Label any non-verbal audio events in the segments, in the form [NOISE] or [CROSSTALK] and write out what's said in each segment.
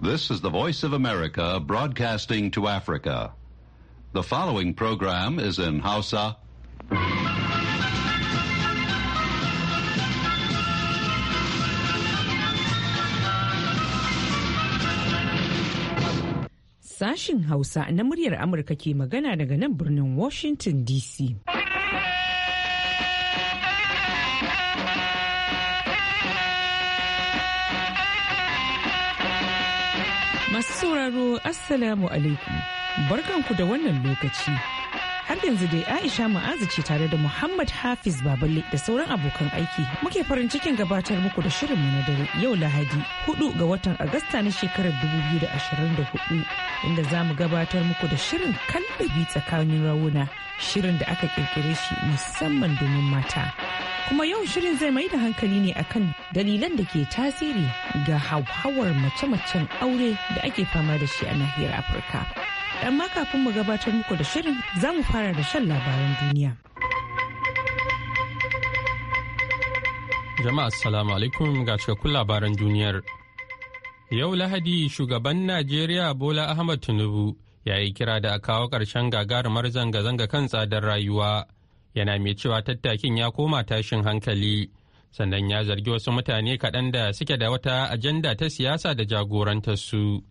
This is the Voice of America broadcasting to Africa. The following program is in Hausa. Sashing Hausa na muryar Amurka ke magana daga nan birnin Washington DC. Masu sauraro Assalamu alaikum. Barkanku da wannan lokaci. Har yanzu dai Aisha Ma'azu ce tare da Muhammad Hafiz Baballe da sauran abokan aiki. Muke farin cikin gabatar muku da shirin na dare yau Lahadi 4 ga watan Agusta na shekarar 2024 inda za mu gabatar muku da shirin kallabi tsakanin rawuna shirin da aka ƙirƙire shi musamman domin mata. Kuma yau shirin zai mai da hankali ne akan dalilan da ke tasiri ga hauhawar mace-macen aure da ake fama da shi a nahiyar afirka amma kafin mu gabatar muku da shirin za mu fara da shan labaran duniya jama'a assalamu alaikum ga cikakkun labaran duniyar yau lahadi shugaban najeriya bola ahmad tinubu ya yi kira da a kawo ƙarshen gagarumar zanga-zanga kan tsadar rayuwa yana mai cewa tattakin ya koma tashin hankali sannan ya zargi wasu mutane kaɗan da suke da wata ajanda ta siyasa da su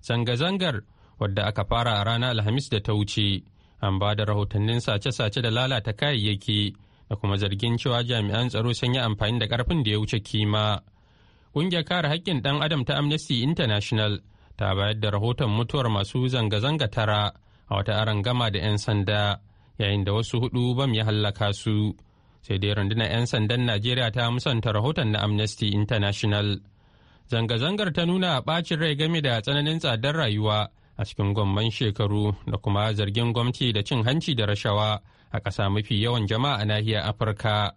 Zanga-zangar wadda aka fara a ranar Alhamis da ta wuce, an ba da rahotannin sace-sace da lalata kayayyaki da kuma zargin cewa jami'an tsaro sun yi amfani da ƙarfin da ya wuce kima. Ƙungiyar kare haƙƙin ɗan adam ta Amnesty International ta bayar da rahoton mutuwar masu zanga-zanga tara a wata gama da 'yan sanda yayin da wasu hudu bamu ya hallaka su. sai dai rundunar 'yan sandan najeriya ta musanta rahoton na amnesty international zanga-zangar ta nuna bacin rai game da tsananin tsadar rayuwa a cikin gwamman shekaru da kuma zargin gwamnati da cin hanci da rashawa a ƙasa mafi yawan jama'a a nahiyar afirka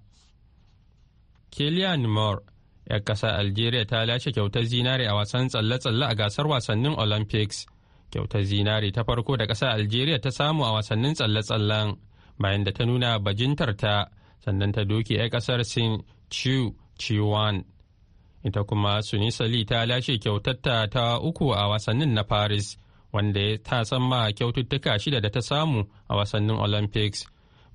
kilian moore 'yar ƙasa algeria ta lashe kyautar zinare a wasan tsalle-tsalle a gasar wasannin olympics kyautar zinare ta farko da ƙasa algeria ta samu a wasannin tsalle-tsallen bayan da ta nuna bajintarta sannan ta doki 'yan kasar sin chiu chiwan ita kuma sunisali ta lashe kyautatta ta uku a wasannin na paris wanda ta san ma kyaututtuka shida da ta samu a wasannin olympics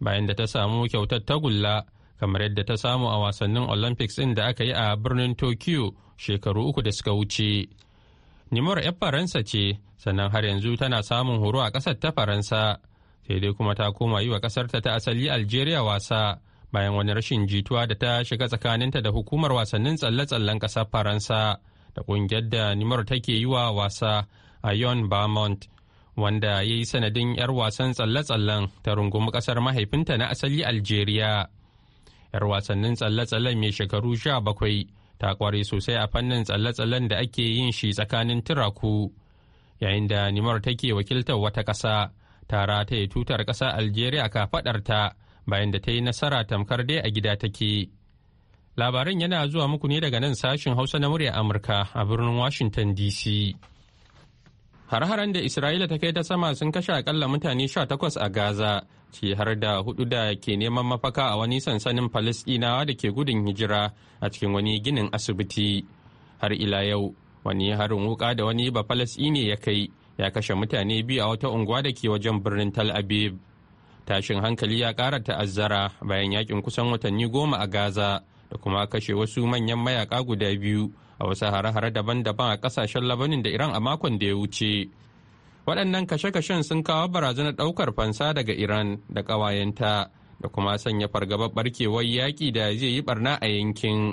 bayan da ta samu kyautar tagulla kamar yadda ta samu a wasannin olympics ɗin da aka yi a birnin tokyo shekaru uku da suka wuce nimar 'yan faransa ce sannan har yanzu tana samun horo a ƙasar ta faransa sai dai kuma ta koma yi wa ƙasarta ta asali algeria wasa bayan wani rashin jituwa da ta shiga tsakaninta da hukumar wasannin tsalle-tsallen ƙasar faransa da ƙungiyar da nimar take yi wa wasa a yon barmont wanda ya yi sanadin 'yar wasan tsalle-tsallen ta rungumi ƙasar mahaifinta na asali algeria 'yar wasannin tsalle-tsallen mai shekaru sha bakwai ta kware sosai a fannin tsalle-tsallen da ake yin shi tsakanin turaku yayin da nimar take wakiltar wata ƙasa tara ta yi tutar ƙasar algeria ka kafaɗarta bayan da ta yi nasara tamkar dai a gida take. labarin yana zuwa muku ne daga nan sashin Hausa na murya Amurka a birnin Washington DC. Har-haren da Isra'ila ta kai ta sama sun kashe akalla mutane 18 a Gaza, ce har da hudu da ke neman mafaka a wani sansanin Falasɗinawa da ke gudun hijira a cikin wani ginin asibiti. Har ila yau, wani harin wuka da wani ba Falasɗini ya kai, ya kashe mutane biyu a wata unguwa da ke wajen birnin Tal Aviv. tashin hankali ya ƙara ta'azzara bayan yakin kusan watanni goma a gaza da kuma kashe wasu manyan mayaka guda biyu a wasu hare-hare daban-daban a kasashen labanin da iran a makon da ya wuce waɗannan kashe-kashen sun kawo barazanar ɗaukar fansa daga iran da ƙawayenta da kuma sanya fargabar barkewar yaƙi da zai yi barna a yankin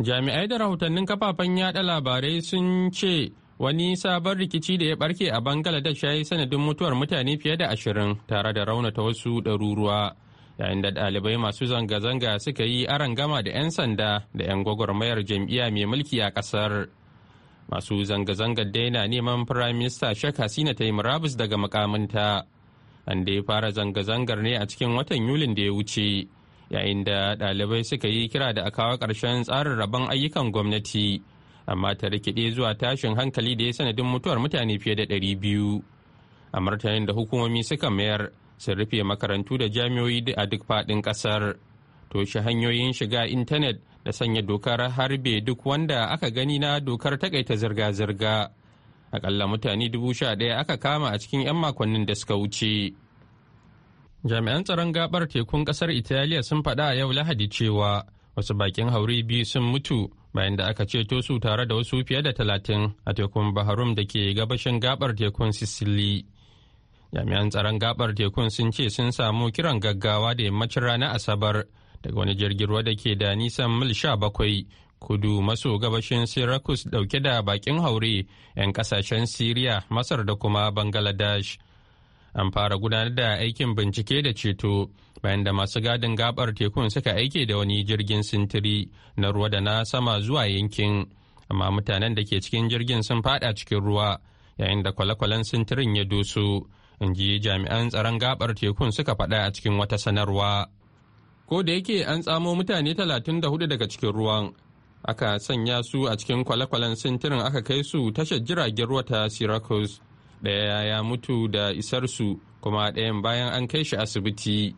jami'ai da rahotannin kafafen yaɗa labarai sun ce wani sabon rikici da ya barke a bangladesh ya yi sanadin mutuwar mutane fiye da ashirin tare da raunata wasu ɗaruruwa yayin da ɗalibai masu zanga-zanga suka yi gama da 'yan sanda da 'yan gwagwarmayar jam'iyya mai mulki a ƙasar masu zanga-zangar daina neman firaminista shek hasina ta yi murabus daga makaminta an da ya fara zanga-zangar ne a cikin watan yulin da ya wuce yayin da ɗalibai suka yi kira da a kawo ƙarshen tsarin rabon ayyukan gwamnati amma ta rikide zuwa tashin hankali da ya sanadin mutuwar mutane fiye da ɗari biyu a martanin da hukumomi suka mayar sun rufe makarantu da jami'oyi a duk faɗin ƙasar toshe hanyoyin shiga intanet da sanya dokar harbe duk wanda aka gani na dokar takaita zirga-zirga akalla mutane dubu sha ɗaya aka kama a cikin 'yan makonnin da suka wuce jami'an tsaron gabar tekun ƙasar italiya sun faɗa a yau lahadi cewa wasu bakin hauri biyu sun mutu bayan da aka ceto su tare da wasu fiye da talatin a tekun baharum da ke gabashin gabar tekun sicily jami'an tsaron gabar tekun sun ce sun samu kiran gaggawa da yammacin rana asabar daga wani jirgin ruwa da ke da nisan mil sha bakwai kudu maso gabashin syracuse dauke da bakin haure 'yan kasashen syria masar da kuma bangladesh an fara gudanar da aikin bincike da ceto bayan da masu gadin gabar tekun suka aike da wani jirgin sintiri na ruwa da na sama zuwa yankin amma mutanen da ke cikin jirgin sun fada cikin ruwa yayin da kwale-kwalen sintirin ya doso in ji jami'an tsaron gabar tekun suka faɗa a cikin wata sanarwa ko da yake an tsamo mutane 34 daga cikin ruwan aka sanya su a cikin kwale-kwalen sintirin aka kai su tashar jiragen ruwa ta syracuse ɗaya ya mutu da isarsu kuma ɗayan bayan an kai shi asibiti.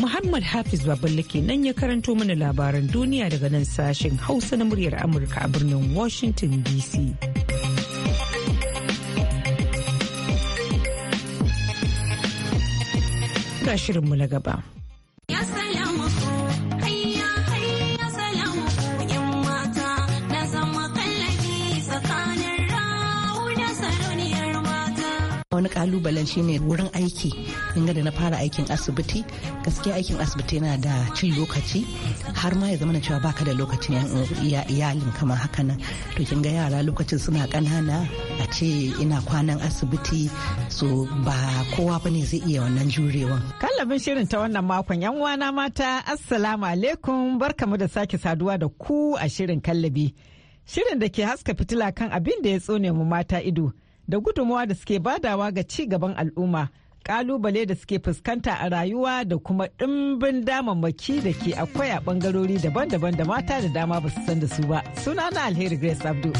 Muhammad Hafiz Baballe nan ya karanto mana labaran duniya daga nan sashen Hausa na muryar Amurka a birnin Washington DC. Ga mu na gaba. kalubalen shine wurin aiki inga da na fara aikin asibiti gaskiya aikin asibiti yana da cin lokaci har ma ya zama cewa baka da lokacin iyalin kamar haka nan to kin ga yara lokacin suna kanana a ce ina kwanan asibiti so ba kowa bane zai iya wannan jurewan kallabin shirin ta wannan makon yan uwana mata assalamu alaikum barkamu da sake saduwa da ku a shirin kallabi shirin da ke haska fitila kan abin da ya tsone mu mata ido da gudunmawa da suke badawa ga ci gaban al'umma kalubale da suke fuskanta a rayuwa da kuma ɗimbin damammaki da ke akwai a ɓangarori daban-daban da mata da dama ba su san da su ba sunana alheri grace abdul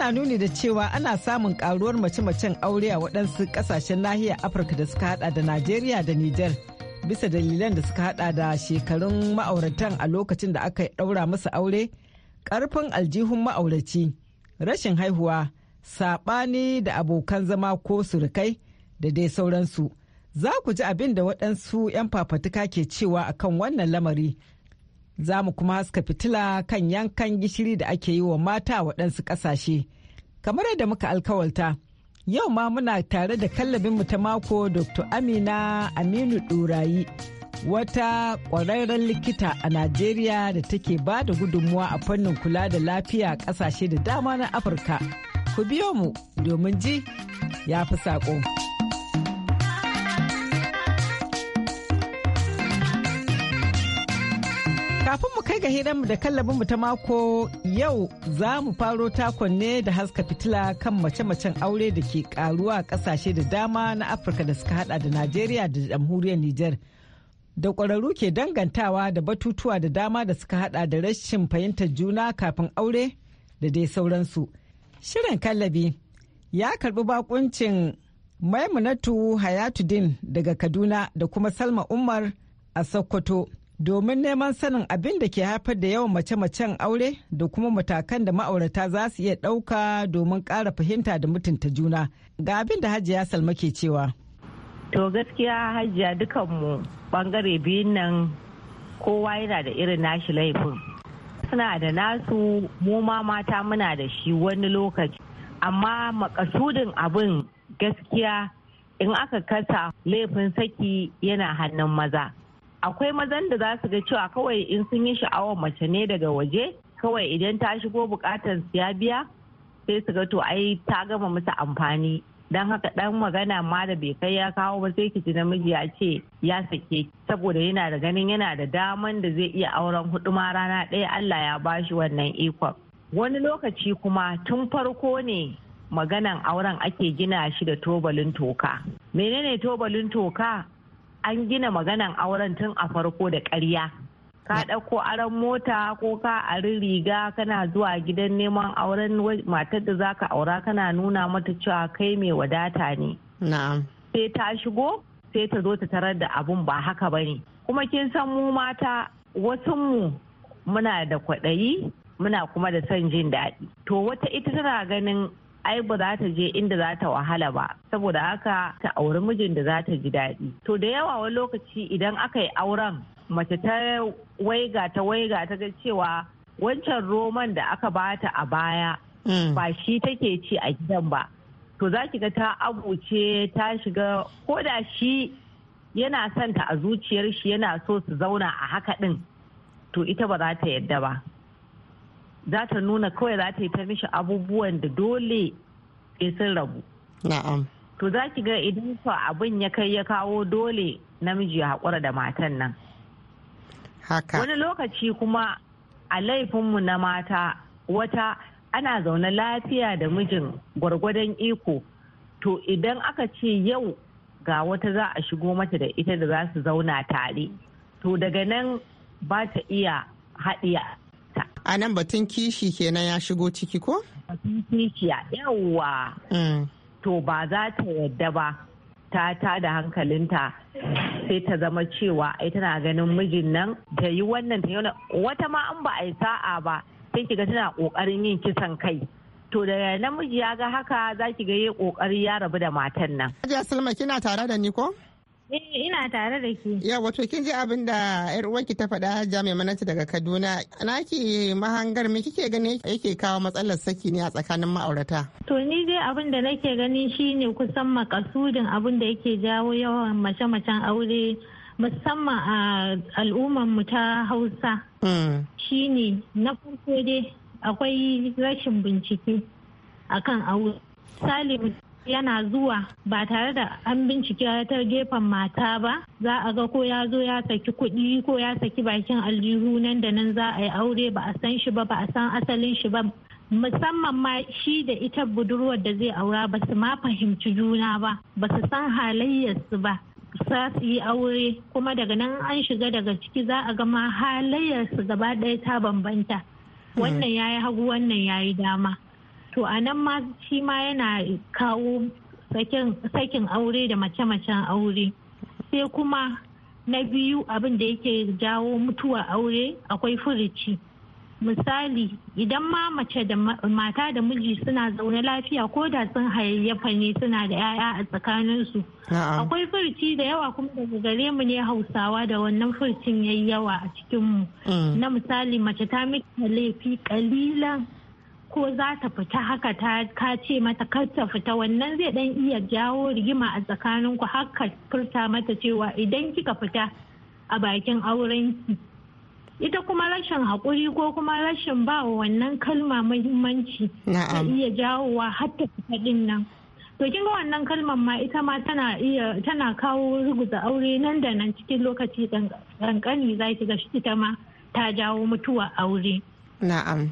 yana nuni da cewa ana samun karuwar mace-macen aure a waɗansu ƙasashen nahiyar Afirka da suka hada da Najeriya da Nijar. Bisa dalilan da suka hada da shekarun ma'auratan a lokacin da aka ɗaura musu aure, ƙarfin aljihun ma'auraci, rashin haihuwa, saɓani da abokan zama ko surukai da dai sauransu. Za ku ji abin da waɗansu 'yan fafatuka ke cewa akan wannan lamari. za mu kuma haska fitila kan yankan gishiri da ake yi wa mata waɗansu ƙasashe. Kamar yadda muka alkawalta, yau ma muna tare da kallabin mu ta mako Dr. Amina Aminu Ɗurayi, wata ƙwararren likita a Najeriya da take ba da gudunmuwa a fannin kula da lafiya ƙasashe da dama na Afirka. Ku biyo mu domin ji ya fi saƙo. Kafin mu kai ga hiranmu da kallabinmu ta mako yau za mu faro takonne da haska fitila kan mace-macen aure da ke karuwa a kasashe da dama na Afirka da suka hada da Najeriya da jamhuriyar Nijar. Da ƙwararru ke dangantawa da batutuwa da dama da suka hada da rashin fahimtar juna kafin aure da dai sauransu. Shirin kallabi ya karbi bakuncin Maimunatu Hayatuddin daga Kaduna da kuma Salma Umar a Sokoto. domin neman sanin abin da ke haifar da yawan mace-macen aure da kuma matakan da ma'aurata za su iya ɗauka domin kara fahimta da mutunta juna ga abin da hajiya salma ke cewa to gaskiya hajiya dukanmu bangare biyun nan kowa yana da irin nashi laifin suna da nasu mu ma mata muna da shi wani lokaci amma makasudin abin gaskiya in aka kasa laifin saki yana hannun maza akwai mazan da za su ga cewa kawai in sun yi sha'awar mace ne daga waje kawai idan ta shigo bukatar ya biya sai su ga to ai ta gama masu amfani don haka dan magana ma da bai kai ya kawo ba sai kiji namiji ya ce ya sake saboda yana da ganin yana da daman da zai iya auren hudu ma rana ɗaya Allah ya bashi wannan ikon wani lokaci kuma tun farko ne maganan auren ake gina shi da tobalin toka menene tobalin toka an gina maganan auren tun a farko da karya. ka ɗauko aron mota ko ka ari riga kana zuwa gidan neman auren matar da zaka aura kana nuna mata cewa kai mai wadata ne sai ta shigo sai ta zo ta tarar da abun ba haka ba ne kuma kin san mu mata wasunmu muna da kwaɗayi muna kuma da son jin daɗi to wata ita tana ganin ai ba za ta je inda za ta wahala ba saboda haka ta auri mijin da za ta ji daɗi to da yawa wani lokaci idan aka yi auren mace ta waiga ta waiga ta ga cewa wancan roman da aka ba ta a baya mm. ba shi take ci a gidan ba to za ki ga ta abuce ta shiga ko da shi yana son ta a zuciyar shi yana so su zauna a haka din to ita ba za ta yadda ba za ta nuna kawai za ta yi ta mishi abubuwan da dole ya sun rabu to za ki ga idan fa abin ya kai ya kawo dole namiji ya haƙura da matan nan wani lokaci kuma a laifinmu na mata wata ana zaune lafiya da mijin gwargwadon iko to idan aka ce yau ga wata za a shigo mata da ita da za su zauna tare to daga nan ba ta iya haɗiya a nan batun kishi kenan ya shigo ciki ko? batun a yawwa mm. to ba za ta yadda ba ta ta da hankalinta sai ta zama cewa ai tana ganin mijin nan ta yi wannan ta yi wata ma an ba a yi sa'a ba sai kiga tana kokarin yin kisan kai to da namiji ya ga haka za ki ga yi kokari ya rabu da matan nan. Hajiya Salma kina tare da ni ko? Eh, ina tare da ke. Ya wato kin ji abin da yar uwarki ta faɗa jami'a manaci daga Kaduna. Na ki mahangar me kike gani yake kawo matsalar saki ne a tsakanin ma'aurata? To ni dai abin da nake gani shine kusan makasudin abin da yake jawo yawan mace-macen aure musamman a al'ummar mu ta Hausa. Hmm. Shine na farko dai akwai rashin bincike akan aure. yana zuwa ba tare da an bincike ta gefen mata ba za a ga ko ya zo ya saki kuɗi ko ya saki bakin aljihu nan da nan za a yi aure ba a san shi ba ba a san asalin shi ba musamman ma shi da ita budurwar da zai aura ba su ma fahimci juna ba ba su san halayyarsu ba za su yi aure kuma daga nan an shiga daga ciki za a gama halayyarsu gaba ɗaya ta bambanta hmm. wannan ya yi hagu wannan ya yi dama to a nan ma shi ma yana kawo sakin aure da mace-macen aure sai kuma na biyu abin da yake jawo mutuwa aure akwai furici misali idan ma mace da mata da miji suna zaune lafiya ko da sun hayayyafa ne suna da 'ya'ya a tsakaninsu akwai furci da yawa kuma daga gare mu ne hausawa da wannan furcin yayi yawa a cikinmu mm. na misali mace ta miki laifi kalilan ko za ta fita haka ta ka ce mata kar ta fita wannan zai dan iya jawo rigima a tsakanin ku haka furta mata cewa idan kika fita a bakin aurenki ita kuma rashin haƙuri ko kuma rashin ba wa wannan kalma muhimmanci ta iya jawowa har ta fita din nan to kin ga wannan kalmar ma ita ma tana iya tana kawo ruguza aure nan da nan cikin lokaci kankani zaki ki ga ita ma ta jawo mutuwa aure na'am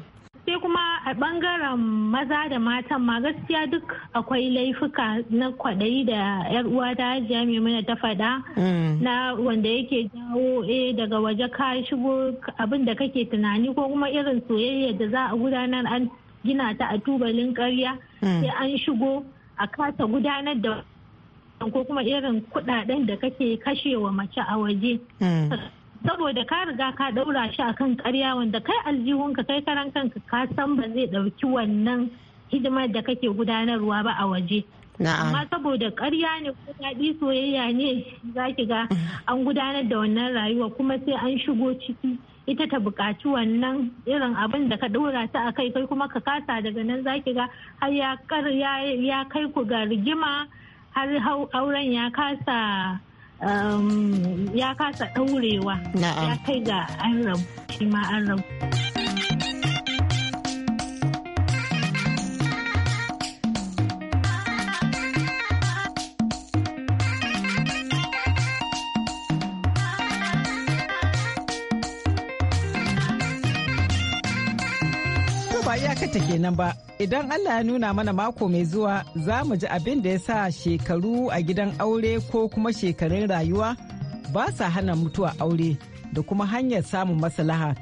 sai kuma a bangaren maza da matan ma gaskiya duk akwai laifuka na kwaɗayi da yar uwa ta hajiya maimuna ta faɗa mm. na wanda yake jawo eh daga waje ka shigo abin da kake tunani ko kuma irin soyayya da za a gudanar an gina ta a tubalin karya mm. sai an shigo a kasa gudanar da ko kuma irin kuɗaɗen da kake kashewa mace a waje mm. saboda ka riga ka ɗaura shi akan karya wanda kai aljihunka kai karan kanka ka san ba zai ɗauki wannan hidimar da kake gudanarwa ba a waje amma saboda karya ne ko daɗi soyayya ne za ki ga an gudanar da wannan rayuwa kuma sai an shigo ciki ita ta buƙaci wannan irin abin da ka ɗora ta a kai kai kuma ka kasa daga nan za ki ga har ya kai ku ga rigima har auren ya kasa ya kasa ɗaurewa ya kai ga an rabu shi ma an rabu ta nan ba. Idan Allah ya nuna mana mako mai zuwa za mu ji abin da ya sa shekaru a gidan aure ko kuma shekarun rayuwa ba sa hana mutuwa aure da kuma hanyar samun maslaha.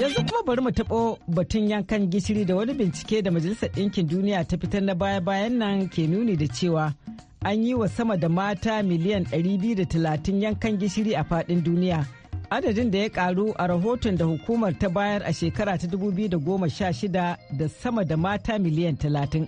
Yanzu kuma bari mu taɓo batun yankan gishiri da wani bincike da Majalisar Ɗinkin Duniya ta fitar na baya-bayan nan ke nuni da cewa an yi wa sama da mata miliyan 230 yankan gishiri a faɗin duniya. adadin da ya karu a rahoton da hukumar ta bayar a shekara ta 2016 da sama da mata miliyan 30.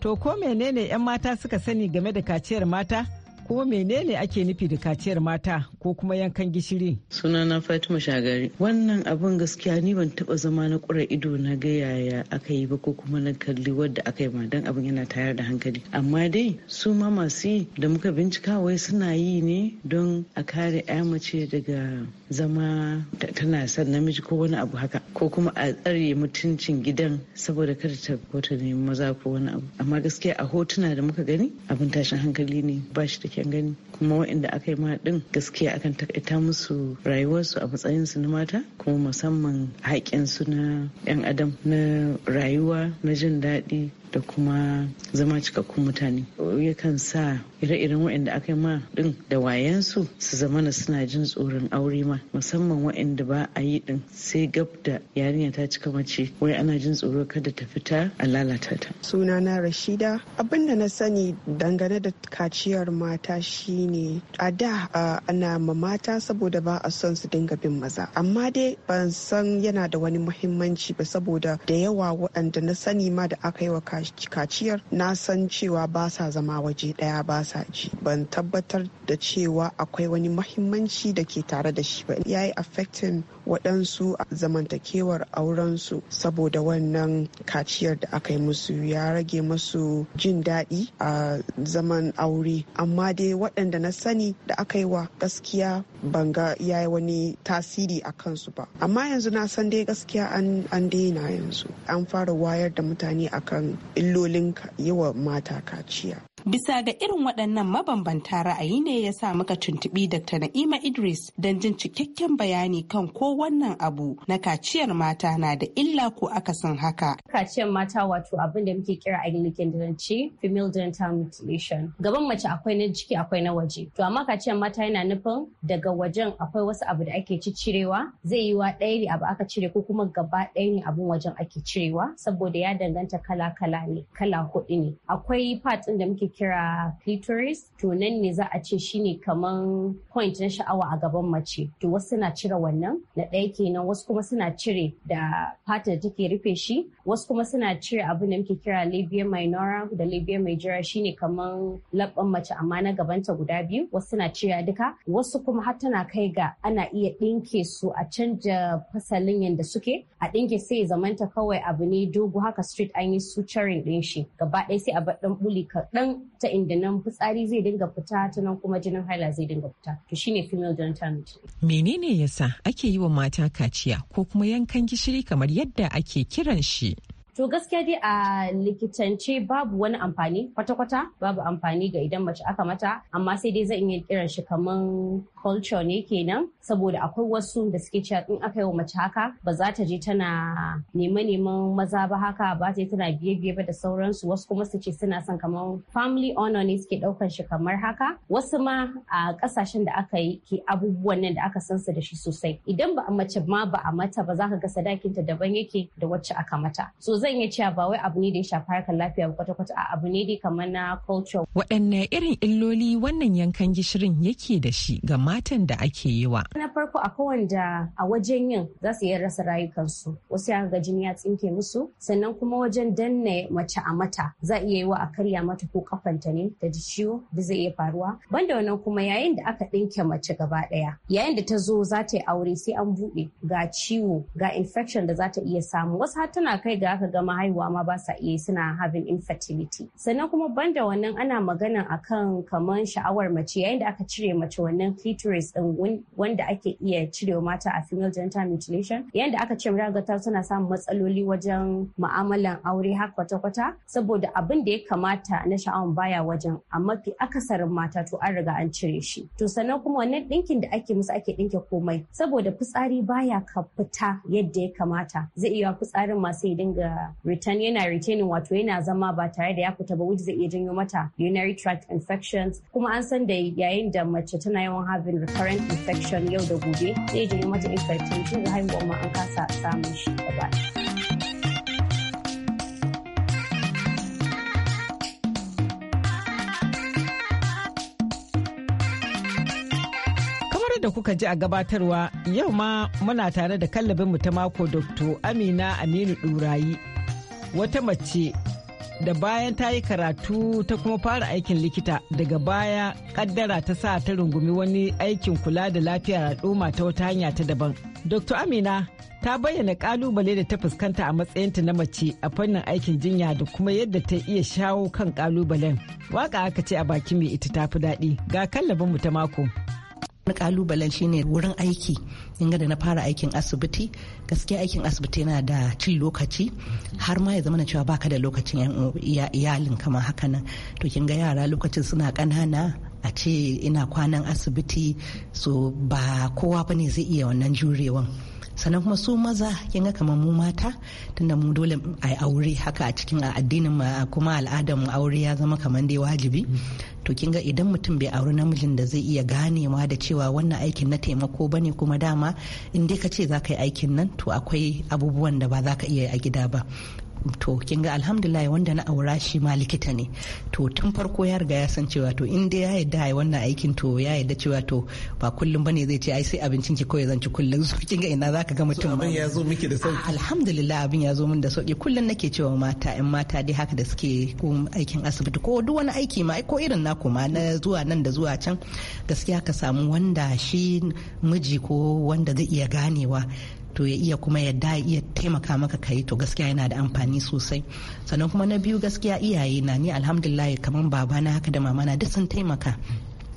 To ko menene 'yan mata suka sani game da kaciyar mata? Kuma menene ake nufi da kaciyar mata ko kuma yankan gishiri? Suna na Fatima Shagari. Wannan abin gaskiya ni ban taba zama na kura ido na ga yaya aka yi ba ko kuma na kalli wadda aka yi ma dan abin yana tayar da hankali. Amma dai su ma masu yi da muka bincika wai suna yi ne don a kare 'ya mace daga zama tana son namiji ko wani abu haka ko kuma a tsare mutuncin gidan saboda kada ta ko ta maza ko wani abu amma gaskiya a hotuna da muka gani abin tashin hankali ne ba shi da yan gani kuma waɗanda aka yi ma ɗin gaskiya akan taƙaita musu rayuwarsu a matsayin su na mata kuma musamman haƙƙinsu na 'yan adam na rayuwa na jin daɗi da kuma zama cikakkun mutane yakan sa ire-iren waɗanda aka yi ma ɗin da wayansu su zama na suna jin tsoron aure ma musamman waɗanda ba a yi ɗin sai gab da yarinya ta cika mace wai ana jin tsoro kada ta fita a lalata ta na rashida abin da na sani dangane da kaciyar mata shine a da ana ma mata saboda ba a son su dinga bin maza amma dai ban san yana da wani muhimmanci ba saboda da yawa waɗanda na sani ma da aka yi wa kaciyar na san cewa ba sa zama waje ɗaya ba sa ji ban tabbatar da cewa akwai wani mahimmanci da ke tare da shi ba ya yi affectin waɗansu a zamantakewar aurensu saboda wannan kaciyar da aka yi musu ya rage musu jin daɗi a zaman aure amma dai waɗanda na sani da aka yi wa gaskiya banga ya yi wani tasiri a kansu ba amma yanzu na san dai gaskiya an daina yanzu an fara wayar da mutane akan illolin yi wa mata kaciya Bisa ga irin waɗannan mabambanta ra'ayi ne ya sa muka tuntuɓi Dr. Na'ima Idris don jin cikakken bayani kan ko wannan abu na kaciyar mata na da illa ko akasin haka. Kaciyar mata wato abin da muke kira a likitanci female genital mutilation. Gaban mace akwai na jiki akwai na waje. To amma kaciyar mata yana nufin daga wajen akwai wasu abu da ake ci cirewa zai yi wa ɗaya ne abu aka cire ko kuma gaba ɗaya ne abin wajen ake cirewa saboda ya danganta kala kala ne kala huɗu ne. Akwai part da muke kira clitoris to nan ne za a ce shine kaman point na sha'awa a gaban mace to wasu suna cire wannan na ɗaya kenan wasu kuma suna cire da fata da take rufe shi wasu kuma suna cire abu da muke kira labia minora da labia majora shine kaman labban mace amma na gabanta guda biyu wasu suna cire duka wasu kuma har tana kai ga ana iya ɗinke su a canja fasalin yanda suke a ɗinke sai zamanta kawai abu ne dogo haka street an yi su carin ɗin shi gaba ɗaya sai a bar ɗan buli kaɗan ta inda nan fitsari zai dinga fita ta nan kuma jinin haila zai dinga fita to shine female genital mutilation menene yasa ake yi wa mata kaciya ko kuma yankan gishiri kamar yadda ake kiran shi To gaskiya dai a likitance babu wani amfani kwata-kwata babu amfani ga idan mace aka mata amma sai dai zan iya kiran shi kaman culture ne kenan saboda akwai wasu da suke cewa in aka yi wa mace haka ba za ta je tana neman-neman maza ba haka ba ta tana biye-biye ba da sauransu wasu kuma su ce suna son kaman family honor ne suke daukan shi kamar haka wasu ma a kasashen da aka yi ke abubuwan nan da aka san su da shi sosai idan ba a mace ma ba a mata ba za ka ga sadakinta daban yake da wacce aka mata so zan iya cewa ba wai abu ne da ya shafi harkar lafiya ba kwata-kwata a abu ne dai kamar na culture. Waɗanne irin illoli wannan yankan gishirin yake da shi ga matan da ake yi wa? Na farko a kowanda a wajen yin za su iya rasa rayukansu wasu ya ga jini ya tsinke musu sannan kuma wajen danne mace a mata za a iya yi wa a karya mata ko kafanta ne da ciwo da zai iya faruwa. Banda wannan kuma yayin da aka ɗinke mace gaba ɗaya yayin da ta zo za ta yi aure sai an buɗe ga ciwo ga infection da za ta iya samu wasu har tana kai ga aka Gama ga mahaihuwa ma ba sa iya suna having infertility sannan kuma banda wannan ana magana akan kaman sha'awar mace yayin da aka cire mace wannan clitoris din wanda ake iya cire mata a female genital mutilation yayin da aka ce ragata suna samun matsaloli wajen mu'amalan aure har kwata-kwata saboda abin da ya kamata na sha'awar baya wajen amma fi akasarin mata to an riga an cire shi to sannan kuma wannan dinkin da ake musu ake dinke komai saboda fitsari baya ka fita yadda ya kamata zai iya fitsarin masu ya dinga yara return yana retaining wato yana zama ba tare da ya fita ba wanda zai iya janyo mata urinary tract infections kuma an san da yayin da mace tana yawan having recurrent infection yau da gobe zai janyo mata infertility da haihuwa ma an kasa samun shi gaba da kuka ji a gabatarwa yau ma muna tare da kallabinmu ta mako dr amina aminu ɗurayi wata mace da bayan ta yi karatu ta kuma fara aikin likita daga baya kaddara ta sa ta rungumi wani aikin kula da lafiyar al'umma ta wata hanya ta daban. Dr. Amina ta bayyana kalubale da ta fuskanta a matsayinta na mace a fannin aikin jinya da kuma yadda ta iya shawo kan kalubalen. Waka aka ce a baki mai ita tafi daɗi ga kallabinmu mu ta mako. Wani kalubalen ne wurin aiki inga da na fara aikin asibiti gaskiya aikin asibiti yana da cin lokaci har ma ya zama cewa baka da lokacin iyalin kama haka nan to kin ga yara lokacin suna kanana a ce ina kwanan asibiti so ba kowa ba ne zai iya wannan jurewan sannan kuma su maza kin ga kamar mu mata tunda mu dole a aure haka a cikin addinin kuma al'adar mu aure ya zama kamar dai wajibi to kin ga idan mutum bai auri namijin da zai iya ganewa da cewa wannan aikin na taimako ba ne kuma dama in dai ka ce za ka yi aikin nan to akwai abubuwan da ba za ka iya yi a gida ba to kin ga alhamdulillah wanda na aura shi ma likita ne to tun farko ya riga ya san cewa to in dai ya yadda ai wannan aikin to ya yadda cewa to ba kullum bane zai ce ai sai abincin ki kawai zan ci kullum so [LAUGHS] kin ga ina zaka ga mutum abin ya zo miki da sauki alhamdulillah abin ya zo min da sauki kullum nake cewa mata in mata dai haka da suke ko aikin asibiti ko duk wani aiki ma ko irin na kuma na zuwa nan da zuwa can gaskiya ka samu wanda shi miji ko wanda zai iya ganewa to ya iya kuma yadda iya taimaka maka kai to gaskiya yana da amfani sosai sannan kuma na biyu gaskiya iyaye na ni alhamdulillah kamar babana haka da mama na duk sun taimaka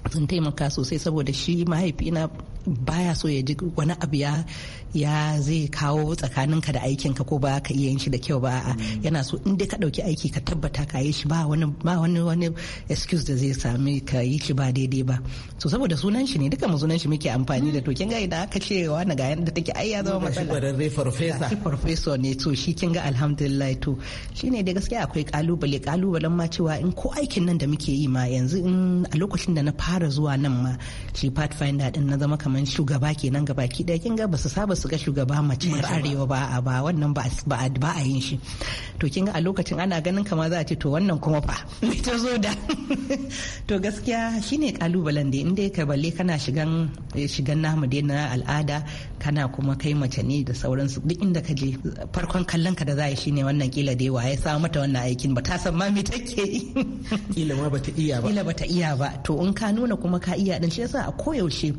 sun taimaka sosai saboda shi mahaifina baya so ya ji wani abu ya ya zai kawo tsakaninka da aikinka ko ba ka iya yin shi da kyau ba a mm. yana so in dai ka dauki aiki ka tabbata ka yi shi ba wani ba wani wani excuse da zai sami ka yi shi ba daidai ba so saboda sunan shi ne duka mu sunan shi muke amfani da to kin ga idan aka ce na ga yanda take ai ya zama matsala shi farfesa shi farfesa ne to shi kin ga alhamdulillah to shine da gaskiya akwai kalubale kalubalen ma cewa in ko aikin nan da muke yi ma yanzu in a lokacin da na fara zuwa nan ma shi pathfinder din na zama kamar shugaba kenan ga baki ɗaya kin ga ba su saba su ga shugaba mace yar arewa ba a ba wannan ba a yin shi to kin ga a lokacin ana ganin kamar za a ce to wannan kuma fa [LAUGHS] me ta zo da [LAUGHS] to gaskiya shine kalubalen da inda ka balle kana shigan eh, shigan namu dai na al'ada kana kuma kai mace ne da sauransu duk inda ka je farkon kallon ka da za a yi shine wannan kila da ya sa mata wannan aikin ba ta san ma me take yi kila ma bata iya ba kila bata iya ba to in ka nuna kuma ka iya din shi yasa a koyaushe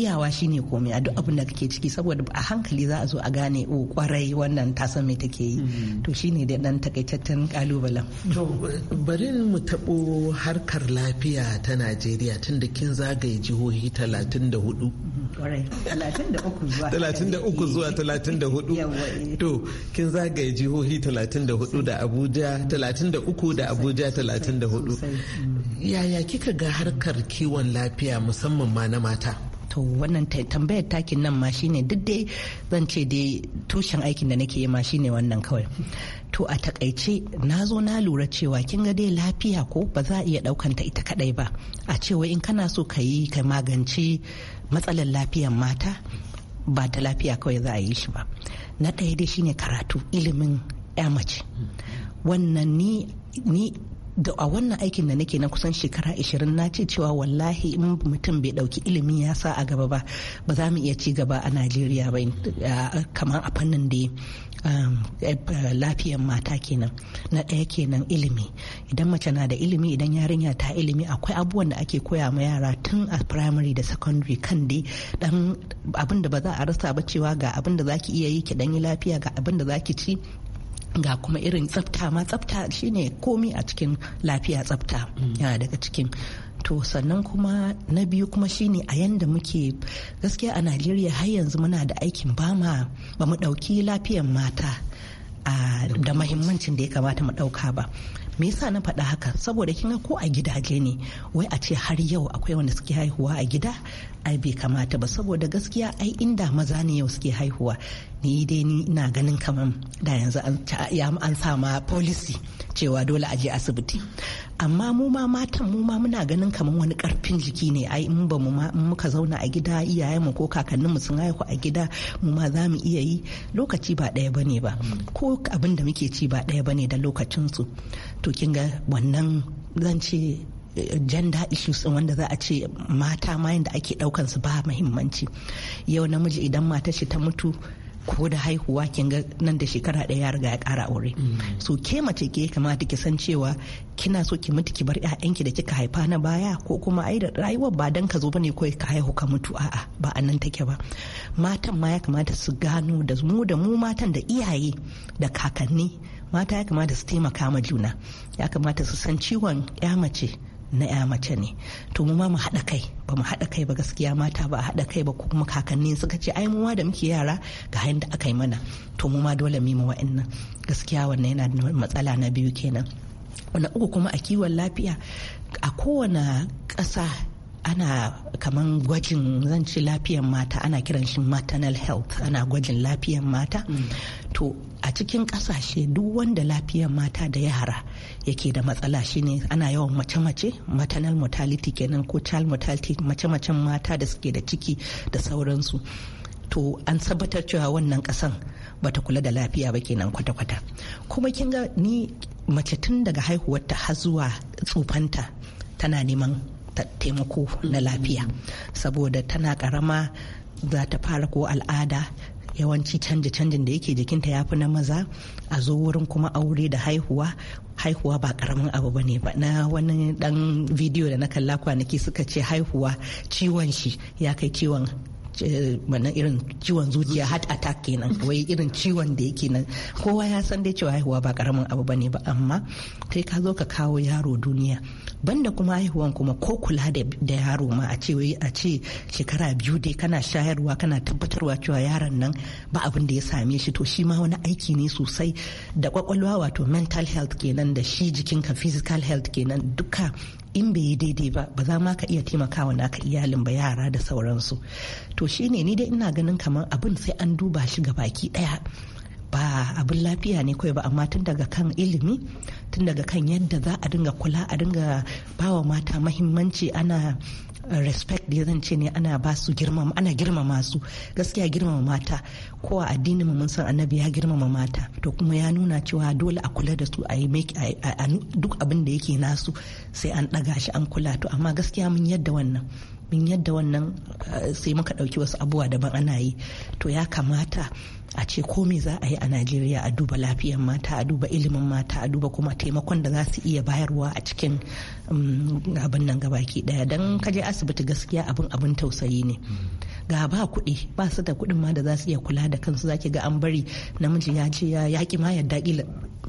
iya kulawa shine komai a duk abin da kake ciki saboda a hankali za a zo a gane o oh, kwarai wannan ta san me take yi mm-hmm. to shine da dan takaitaccen kalubalen to bari mu tabo harkar lafiya ta Najeriya tun da kin zagaye jihohi 34 33 mm-hmm. zuwa 34 [LAUGHS] eh. to kin zagaye jihohi 34 da Abuja 33 da Abuja 34 mm. yaya kika ga harkar kiwon lafiya musamman ma na mata to wannan tambayar takin nan ma shine duk dai zan ce dai tushen aikin da nake yi ma shine wannan kawai to a takaice na zo na lura cewa kin ga dai lafiya ko ba za a iya ta ita kadai ba a cewa in kana so ka yi ka magance matsalar lafiyar mata ba ta lafiya kawai za a yi shi ba na ɗaya dai shine karatu ilimin ya mace wannan ni ni da a wannan aikin da nake na kusan shekara 20 na ce cewa wallahi in mutum bai dauki ilimi ya sa a gaba ba ba za mu iya ci gaba a najeriya ba kamar a fannin da um, lafiyan mata kenan na ɗaya kenan ilimi idan mace na da ilimi idan yarinya ta ilimi akwai abubuwan da ake koya ma yara tun a primary da secondary kan dai dan abin da ba za a rasa ba cewa ga abin da zaki iya yi ki dan yi lafiya ga abin da zaki ci ga kuma irin tsafta ma tsafta shine komi a cikin lafiya tsafta mm. yana daga cikin to sannan kuma na biyu kuma shine a yanda muke gaskiya a najeriya har yanzu muna da aikin ba ma ba mu ɗauki lafiyan mata da mahimmancin da ya kamata mu ɗauka ba me yasa na faɗa haka saboda kinga ko a gidaje ne wai a ce har yau akwai wanda suke haihuwa a gida ai bai kamata ba saboda gaskiya ai inda maza ne yau suke haihuwa ni dai ni ina ganin kamar da yanzu an sa ma policy cewa dole a je asibiti amma mu ma matan mu ma muna ganin kamar wani karfin jiki ne ai in ba mu muka zauna a gida iyayen mu ko kakannin mu sun haihu a gida mu ma za mu iya yi lokaci ba ɗaya bane ba ko abin da muke ci ba ɗaya bane da lokacin su to kin wannan zan ce gender issues wanda za a ce mata ma yadda ake daukan su ba mahimmanci yau namiji idan mata shi ta mutu ko da haihuwa kin ga nan da shekara ɗaya ya riga ya kara aure mm. so ke mace ke kamata ki san cewa kina so ki mutu ki bar ƴaƴanki da kika haifa na baya ko kuma ai rayuwar ba dan ka zo bane ko ka haihu ka mutu a'a ba a nan take ba matan ma ya kamata su gano da mu da mu matan da iyaye da kakanni mata ya kamata su taimaka ma juna ya kamata su san ciwon ya mace na ya mace ne to mu ma mu haɗa kai ba mu haɗa kai ba gaskiya mata ba a haɗa kai ba kuma kakanni suka ce ai mu ma da muke yara ga hayan da aka yi mana to mu ma dole mu wa'annan gaskiya wannan yana da matsala na biyu kenan na uku kuma a kiwon lafiya a kowane ƙasa ana kaman gwajin zan ci lafiyan mata ana kiran shi maternal health ana gwajin lafiyan mata mm. to a cikin kasashe duk wanda lafiyan mata da yara yake da matsala shine ana yawan mace-mace maternal mortality kenan ko child mortality mace-macen mata da suke da ciki da sauransu to an tabbatar cewa wannan kasan bata kula da lafiya ba kenan kwata-kwata kuma kin ga ni mace tun daga haihuwarta har zuwa tsufanta tana neman taimako na lafiya saboda tana karama za ta fara ko al'ada yawanci canje canjin da yake jikinta ya fi na maza a zo wurin kuma aure da haihuwa haihuwa ba karamin abu ne ba na wani dan bidiyo da na kalla kwanaki suka ce haihuwa ciwon shi ya kai ciwon Eh, wannan irin ciwon zuciya heart attack kenan wai irin ciwon da yake nan kowa ya san dai cewa haihuwa ba karamin abu bane ba amma kai ka zo ka kawo yaro duniya banda kuma haihuwan kuma ko kula da yaro ma a ce wai a ce shekara biyu dai kana shayarwa kana tabbatarwa cewa yaron nan ba abin da ya same shi to shi ma wani aiki ne sosai da kwakwalwa wato mental health kenan da shi jikinka physical health kenan duka in bai yi daidai ba ba za ma ka iya taimakawa naka iyalin ba yara da sauransu to shine ni dai ina ganin kamar abin sai an duba shi ga baki daya ba abin lafiya ne kawai ba amma tun daga kan ilimi tun daga kan yadda za a dinga kula a dinga bawa mata mahimmanci ana respect da zan ce ne ana ba su girmama ana girmama su gaskiya girmama mata ko a addinin mu mun san annabi ya girmama mata to kuma ya nuna cewa dole a kula da su a yi duk abin da yake nasu sai an daga shi an kula to amma gaskiya mun yadda wannan mun yadda wannan eh, sai muka dauki wasu abubuwa daban ana yi to ya kamata a ce ko me za a yi a najeriya a duba lafiyar mata a duba ilimin mata a duba kuma taimakon da za su iya bayarwa a cikin mm, abin nan gabaki daya don kaje asibiti gaskiya abin abin tausayi ne ga ba kuɗi ba su da kuɗin ma da za su iya kula da kansu zaki ga an bari namiji ya ce ya yaƙi ma yadda kila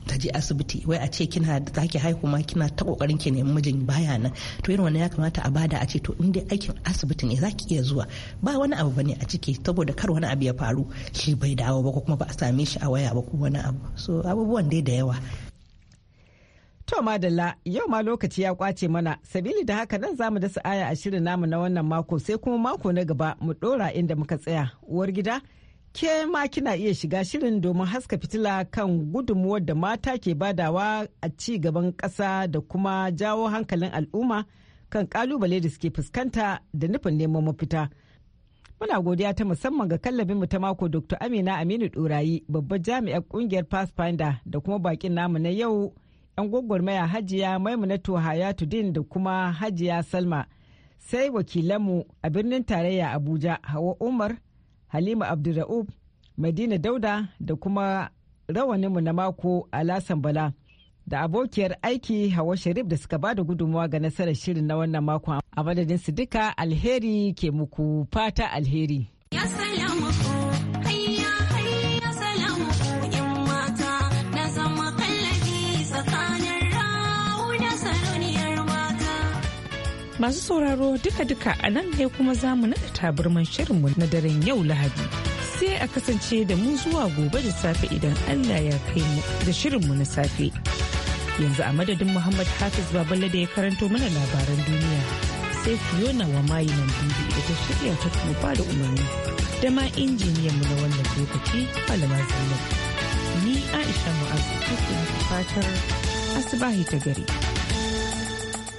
ta je asibiti wai a ce kina zaki haihu ma kina ta kokarin ki nemi mijin baya nan to irin wannan ya kamata a bada a ce to in dai aikin asibiti ne zaki iya zuwa ba wani abu bane a ciki saboda kar wani abu ya faru shi bai dawo ba ko kuma ba a same shi a waya ba ko wani abu so abubuwan dai da yawa To madalla yau ma lokaci ya kwace mana sabili da haka nan zamu dasa aya a shirin namu na wannan mako sai kuma mako na gaba mu dora inda muka tsaya uwar gida ke ma kina iya shiga shirin domin haska fitila kan gudunmuwar da mata ke badawa a ci gaban ƙasa da kuma jawo hankalin al'umma kan kalubale da suke fuskanta da nufin neman mafita. Muna godiya ta musamman ga kallabin mu ta mako Dr. Amina Aminu Dorayi babbar jami'ar kungiyar Pathfinder da kuma bakin namu na yau 'yan gwagwarmaya hajiya maimunatu hayatuddin da kuma hajiya salma sai wakilanmu a birnin tarayya abuja hawa umar halima abdulra'ub madina dauda da kuma rawaninmu na mako alasan bala da abokiyar aiki hawa sharif da suka bada gudunmawa ga nasarar shirin na wannan makon a madadin su duka alheri ke muku fata alheri yes, masu sauraro duka-duka a nan ne kuma zamu naɗa taburman mu na daren yau lahadi sai a kasance da mu zuwa gobe da safe idan allah ya kai mu da mu na safe yanzu a madadin muhammad hafiz baballe da ya karanto mana labaran duniya sai fiona wa mayi nan bibi da ta shirya ta kuma ba da umarni da ma injiniyan mu na wannan lokaci malama zainab ni aisha mu'azu fatar asibahi ta gari